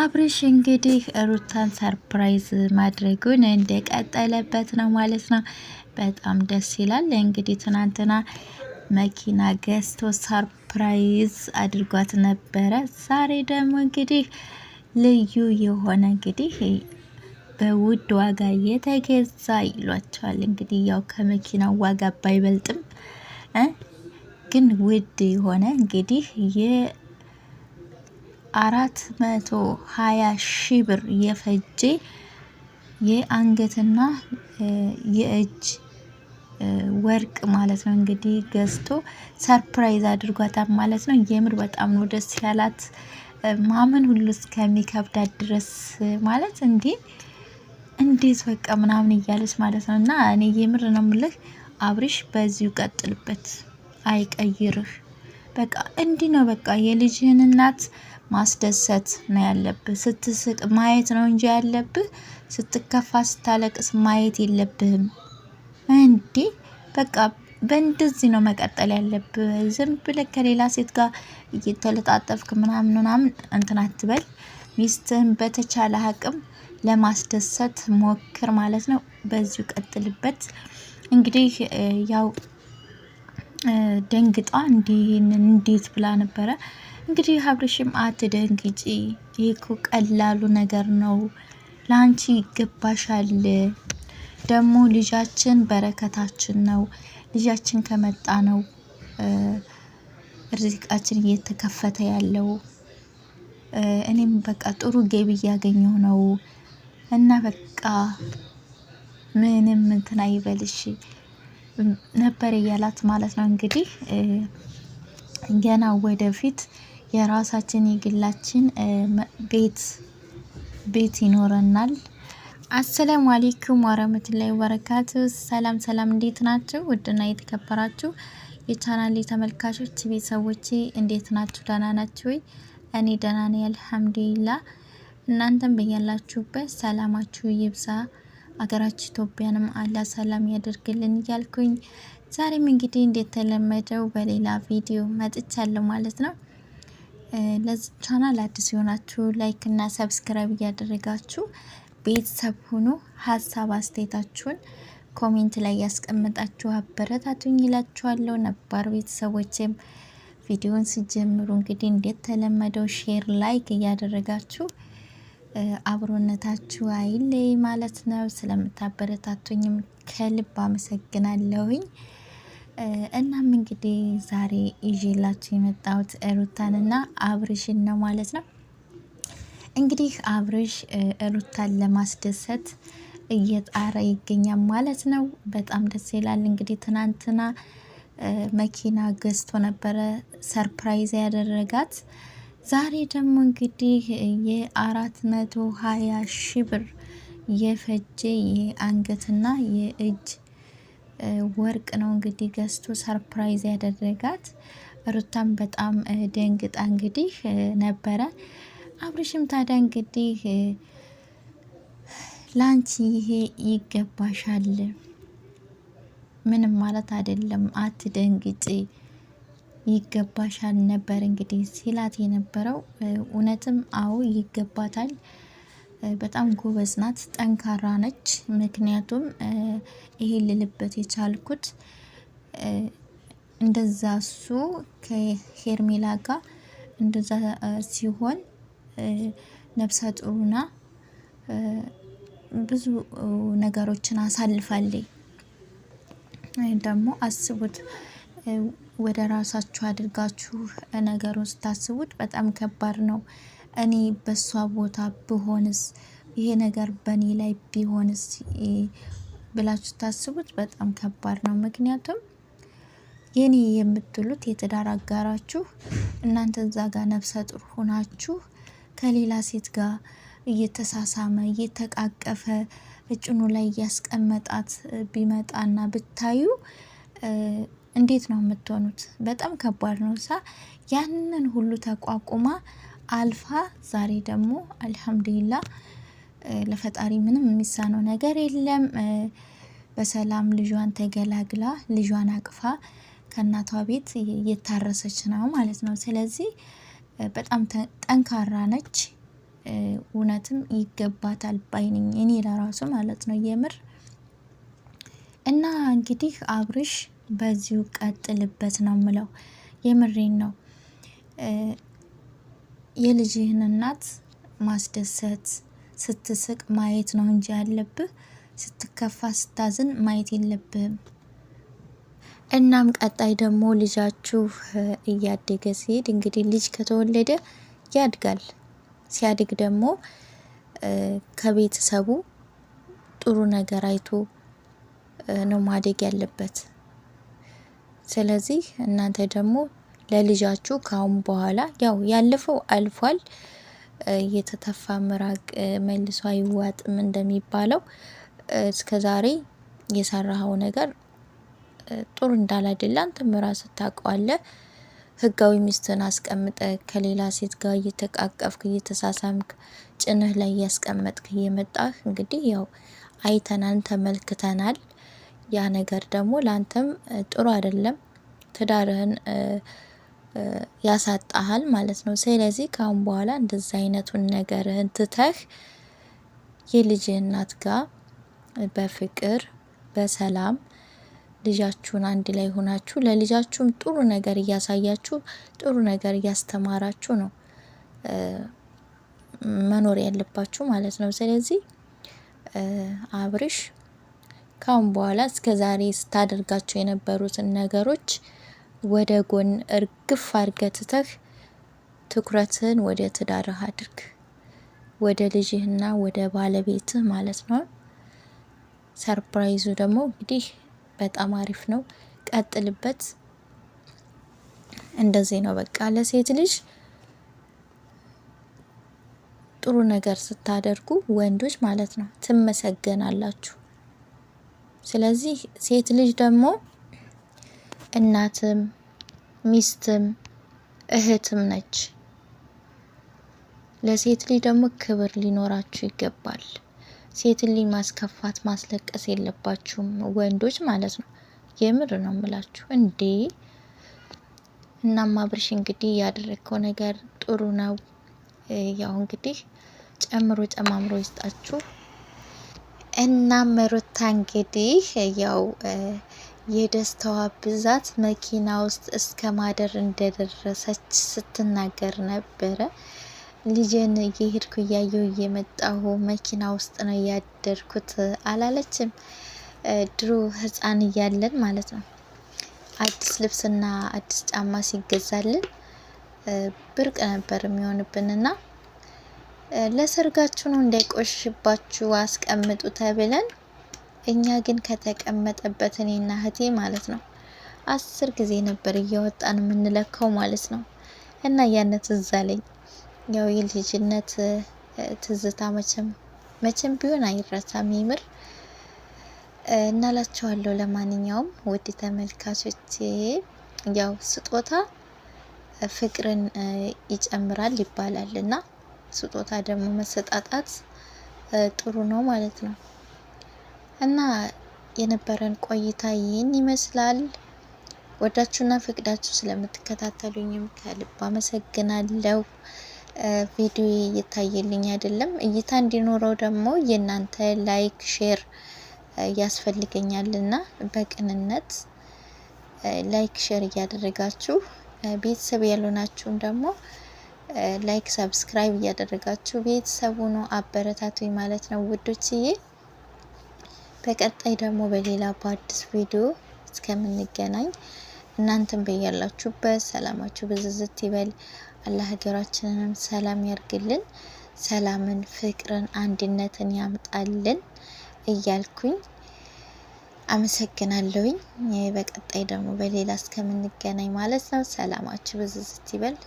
አብርሽ እንግዲህ ሩታን ሰርፕራይዝ ማድረጉን እንደቀጠለበት ነው ማለት ነው። በጣም ደስ ይላል። እንግዲህ ትናንትና መኪና ገዝቶ ሰርፕራይዝ አድርጓት ነበረ። ዛሬ ደግሞ እንግዲህ ልዩ የሆነ እንግዲህ በውድ ዋጋ የተገዛ ይሏቸዋል። እንግዲህ ያው ከመኪናው ዋጋ ባይበልጥም ግን ውድ የሆነ እንግዲህ አራት መቶ ሀያ ሺ ብር የፈጀ የአንገትና የእጅ ወርቅ ማለት ነው እንግዲህ ገዝቶ ሰርፕራይዝ አድርጓታል ማለት ነው። የምር በጣም ነው ደስ ያላት ማመን ሁሉ እስከሚከብዳት ድረስ ማለት እንዲህ እንዴት በቃ ምናምን እያለች ማለት ነው። እና እኔ የምር ነው ምልህ አብሪሽ በዚሁ ቀጥልበት አይቀይርህ። በቃ እንዲህ ነው። በቃ የልጅህን እናት ማስደሰት ነው ያለብህ። ስትስቅ ማየት ነው እንጂ ያለብህ ስትከፋ፣ ስታለቅስ ማየት የለብህም እንዴ በቃ በእንደዚህ ነው መቀጠል ያለብህ። ዝም ብለህ ከሌላ ሴት ጋር እየተለጣጠፍክ ምናምን ምናምን እንትን አትበል። ሚስትህን በተቻለ አቅም ለማስደሰት ሞክር ማለት ነው። በዚሁ ቀጥልበት። እንግዲህ ያው ደንግጣ እንዲህን እንዴት ብላ ነበረ። እንግዲህ ሀብርሽም አትደንግጪ፣ ይህ እኮ ቀላሉ ነገር ነው፣ ለአንቺ ይገባሻል። ደግሞ ልጃችን በረከታችን ነው። ልጃችን ከመጣ ነው ርዚቃችን እየተከፈተ ያለው። እኔም በቃ ጥሩ ገቢ እያገኘሁ ነው እና በቃ ምንም እንትን አይበልሽ ነበር እያላት ማለት ነው። እንግዲህ ገና ወደፊት የራሳችን የግላችን ቤት ቤት ይኖረናል። አሰላሙ አሌይኩም ወረህመቱላሂ ወበረካቱ። ሰላም ሰላም፣ እንዴት ናችሁ? ውድና የተከበራችሁ የቻናሌ ተመልካቾች ቤተሰቦቼ እንዴት ናችሁ? ደህና ናችሁ ወይ? እኔ ደህና ነኝ አልሐምዱሊላህ። እናንተም በያላችሁበት ሰላማችሁ ይብዛ። አገራችን ኢትዮጵያንም አላ ሰላም ያደርግልን እያልኩኝ ዛሬም እንግዲህ እንደተለመደው በሌላ ቪዲዮ መጥቻለሁ ማለት ነው። ለዚህ ቻናል አዲስ የሆናችሁ ላይክ እና ሰብስክራይብ እያደረጋችሁ ቤተሰብ ሆኖ ሀሳብ አስተያየታችሁን ኮሜንት ላይ ያስቀምጣችሁ አበረታቱኝ ይላችኋለሁ። ነባር ቤተሰቦችም ቪዲዮን ሲጀምሩ እንግዲህ እንደተለመደው ሼር ላይክ እያደረጋችሁ አብሮነታችሁ አይለይ ማለት ነው። ስለምታበረታቱኝም ከልብ አመሰግናለሁኝ። እናም እንግዲህ ዛሬ ይዤላችሁ የመጣሁት ሩታንና አብርሽን ነው ማለት ነው። እንግዲህ አብርሽ ሩታን ለማስደሰት እየጣረ ይገኛል ማለት ነው። በጣም ደስ ይላል። እንግዲህ ትናንትና መኪና ገዝቶ ነበረ ሰርፕራይዝ ያደረጋት ዛሬ ደግሞ እንግዲህ የአራት መቶ ሀያ ሺ ብር የፈጀ የአንገትና የእጅ ወርቅ ነው እንግዲህ ገዝቶ ሰርፕራይዝ ያደረጋት። ሩታም በጣም ደንግጣ እንግዲህ ነበረ። አብርሽም ታዲያ እንግዲህ ላንቺ ይሄ ይገባሻል፣ ምንም ማለት አይደለም፣ አትደንግጪ ይገባሻል ነበር እንግዲህ ሲላት የነበረው እውነትም አዎ ይገባታል። በጣም ጎበዝ ናት፣ ጠንካራ ነች። ምክንያቱም ይሄ ልልበት የቻልኩት እንደዛ እሱ ከሄርሜላ ጋር እንደዛ ሲሆን ነፍሰ ጡርና ብዙ ነገሮችን አሳልፋለች። ደግሞ አስቡት ወደ ራሳችሁ አድርጋችሁ ነገሩን ስታስቡት በጣም ከባድ ነው። እኔ በእሷ ቦታ ብሆንስ ይሄ ነገር በእኔ ላይ ቢሆንስ ብላችሁ ስታስቡት በጣም ከባድ ነው። ምክንያቱም የኔ የምትሉት የትዳር አጋራችሁ እናንተ እዛ ጋር ነፍሰ ጡር ሆናችሁ ከሌላ ሴት ጋር እየተሳሳመ እየተቃቀፈ እጭኑ ላይ እያስቀመጣት ቢመጣና ብታዩ እንዴት ነው የምትሆኑት? በጣም ከባድ ነው። እሳ ያንን ሁሉ ተቋቁማ አልፋ ዛሬ ደግሞ አልሐምዱሊላ ለፈጣሪ ምንም የሚሳነው ነገር የለም። በሰላም ልጇን ተገላግላ ልጇን አቅፋ ከእናቷ ቤት እየታረሰች ነው ማለት ነው። ስለዚህ በጣም ጠንካራ ነች። እውነትም ይገባታል ባይነኝ እኔ ለራሱ ማለት ነው የምር እና እንግዲህ አብርሽ በዚሁ ቀጥልበት ነው ምለው። የምሬን ነው። የልጅህን እናት ማስደሰት ስትስቅ ማየት ነው እንጂ ያለብህ ስትከፋ ስታዝን ማየት የለብህም። እናም ቀጣይ ደግሞ ልጃችሁ እያደገ ሲሄድ እንግዲህ ልጅ ከተወለደ ያድጋል። ሲያድግ ደግሞ ከቤተሰቡ ጥሩ ነገር አይቶ ነው ማደግ ያለበት። ስለዚህ እናንተ ደግሞ ለልጃችሁ ካሁን በኋላ ያው ያለፈው አልፏል፣ የተተፋ ምራቅ መልሶ አይዋጥም እንደሚባለው እስከዛሬ የሰራኸው ነገር ጥሩ እንዳላደለ አንተም ራስህ ታውቀዋለህ። ህጋዊ ሚስትን አስቀምጠ ከሌላ ሴት ጋር እየተቃቀፍክ እየተሳሳምክ ጭንህ ላይ እያስቀመጥክ እየመጣህ እንግዲህ ያው አይተናል፣ ተመልክተናል። ያ ነገር ደግሞ ላንተም ጥሩ አይደለም፣ ትዳርህን ያሳጣሃል ማለት ነው። ስለዚህ ካሁን በኋላ እንደዚ አይነቱን ነገርህን ትተህ የልጅ እናት ጋር በፍቅር በሰላም ልጃችሁን አንድ ላይ ሆናችሁ ለልጃችሁም ጥሩ ነገር እያሳያችሁ ጥሩ ነገር እያስተማራችሁ ነው መኖር ያለባችሁ ማለት ነው። ስለዚህ አብርሽ ካሁን በኋላ እስከ ዛሬ ስታደርጋቸው የነበሩትን ነገሮች ወደ ጎን እርግፍ አርገትተህ ትኩረትህን ወደ ትዳርህ አድርግ፣ ወደ ልጅህና ወደ ባለቤትህ ማለት ነው። ሰርፕራይዙ ደግሞ እንግዲህ በጣም አሪፍ ነው። ቀጥልበት። እንደዚህ ነው በቃ ለሴት ልጅ ጥሩ ነገር ስታደርጉ ወንዶች ማለት ነው ትመሰገናላችሁ። ስለዚህ ሴት ልጅ ደግሞ እናትም ሚስትም እህትም ነች። ለሴት ልጅ ደግሞ ክብር ሊኖራችሁ ይገባል። ሴትን ልጅ ማስከፋት ማስለቀስ የለባችሁም ወንዶች ማለት ነው። የምር ነው ምላችሁ እንዴ። እናም አብርሽ እንግዲህ ያደረግከው ነገር ጥሩ ነው። ያው እንግዲህ ጨምሮ ጨማምሮ ይስጣችሁ። እናም ሩታ እንግዲህ ያው የደስታዋ ብዛት መኪና ውስጥ እስከ ማደር እንደደረሰች ስትናገር ነበረ። ልጄን እየሄድኩ እያየሁ እየመጣሁ መኪና ውስጥ ነው እያደርኩት አላለችም? ድሮ ሕፃን እያለን ማለት ነው አዲስ ልብስና አዲስ ጫማ ሲገዛልን ብርቅ ነበር የሚሆንብንና ለሰርጋችሁ ነው እንዳይቆሽባችሁ አስቀምጡ ተብለን እኛ ግን ከተቀመጠበት እኔና እህቴ ማለት ነው አስር ጊዜ ነበር እያወጣን የምንለካው ማለት ነው። እና ያነ ትዝ አለኝ ያው የልጅነት ትዝታ መቼም መቼም ቢሆን አይረሳም ይምር እናላችኋለሁ። ለማንኛውም ውድ ተመልካቾች ያው ስጦታ ፍቅርን ይጨምራል ይባላል እና ስጦታ ደግሞ መሰጣጣት ጥሩ ነው ማለት ነው። እና የነበረን ቆይታ ይህን ይመስላል። ወዳችሁና ፈቅዳችሁ ስለምትከታተሉኝም ከልብ አመሰግናለሁ። ቪዲዮ እየታየልኝ አይደለም። እይታ እንዲኖረው ደግሞ የእናንተ ላይክ፣ ሼር ያስፈልገኛልና በቅንነት ላይክ ሼር እያደረጋችሁ ቤተሰብ ያልሆናችሁም ደግሞ ላይክ፣ ሰብስክራይብ እያደረጋችሁ ቤተሰቡ ነው አበረታቱኝ ማለት ነው ውዶችዬ። በቀጣይ ደግሞ በሌላ በአዲስ ቪዲዮ እስከምንገናኝ እናንተም በያላችሁበት ሰላማችሁ ብዝዝት ይበል። አላህ ሀገራችንንም ሰላም ያርግልን፣ ሰላምን፣ ፍቅርን፣ አንድነትን ያምጣልን እያልኩኝ አመሰግናለሁኝ። በቀጣይ ደግሞ በሌላ እስከምንገናኝ ማለት ነው ሰላማችሁ ብዝዝት ይበል።